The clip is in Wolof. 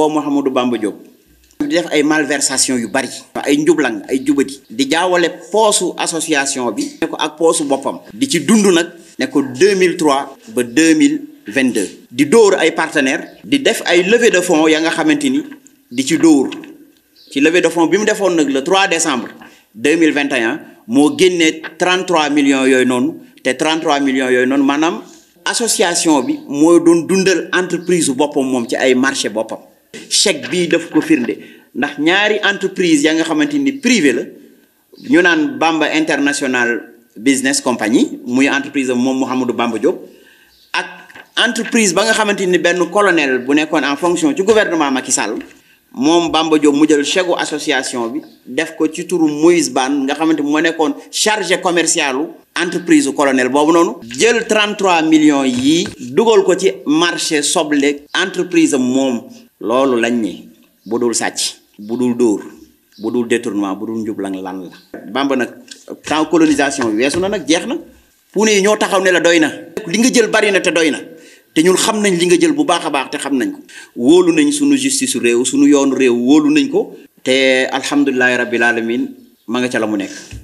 woo Mouhamadou Bamba jóg di def ay malversation yu bari ay njublang ay jubadi di jaawale poosu association bi ne ko ak poosu boppam di ci dund nag ne ko 2003 ba 2022 di door ay partenaires di def ay levée de fonds ya nga xamante ni di ci dóor ci levée de fonds bi mu defoon nag le 3 décembre 2021 moo génnee 33 millions yooyu noonu te 33 millions yooyu noonu maanaam association bi mooy doon dundal entreprise boppam moom ci ay marché boppam chèque bi def ko firnde ndax ñaari entreprise ya nga xamante ni privé la ñu naan Bamba International Business Compagnie muy entreprise moom mu Mouhamadou Bamba Diop ak entreprise ba nga xamante ni benn colonel bu nekkoon en fonction ci gouvernement Macky Sall moom Bamba Diop mu jël chegu association bi def ko ci turu Moïse Ban nga xamante moo nekkoon chargé commercialu entreprise colonel boobu noonu jël 33 millions yii dugal ko ci marché soble entreprise am loolu lañ ni bu dul sàcc bu dul dóor bu dul détournement bu dul njublang lan la Bamba nag temps colonisation weesu na nag jeex na puune yi ñoo taxaw ne la doy na li nga jël bari na te doy na te ñun xam nañ li nga jël bu baax a baax te xam nañ ko wóolu nañ suñu justice réew suñu yoonu réew wóolu nañ ko te alhamdulilahi rabbil alamin ma nga ca la mu nekk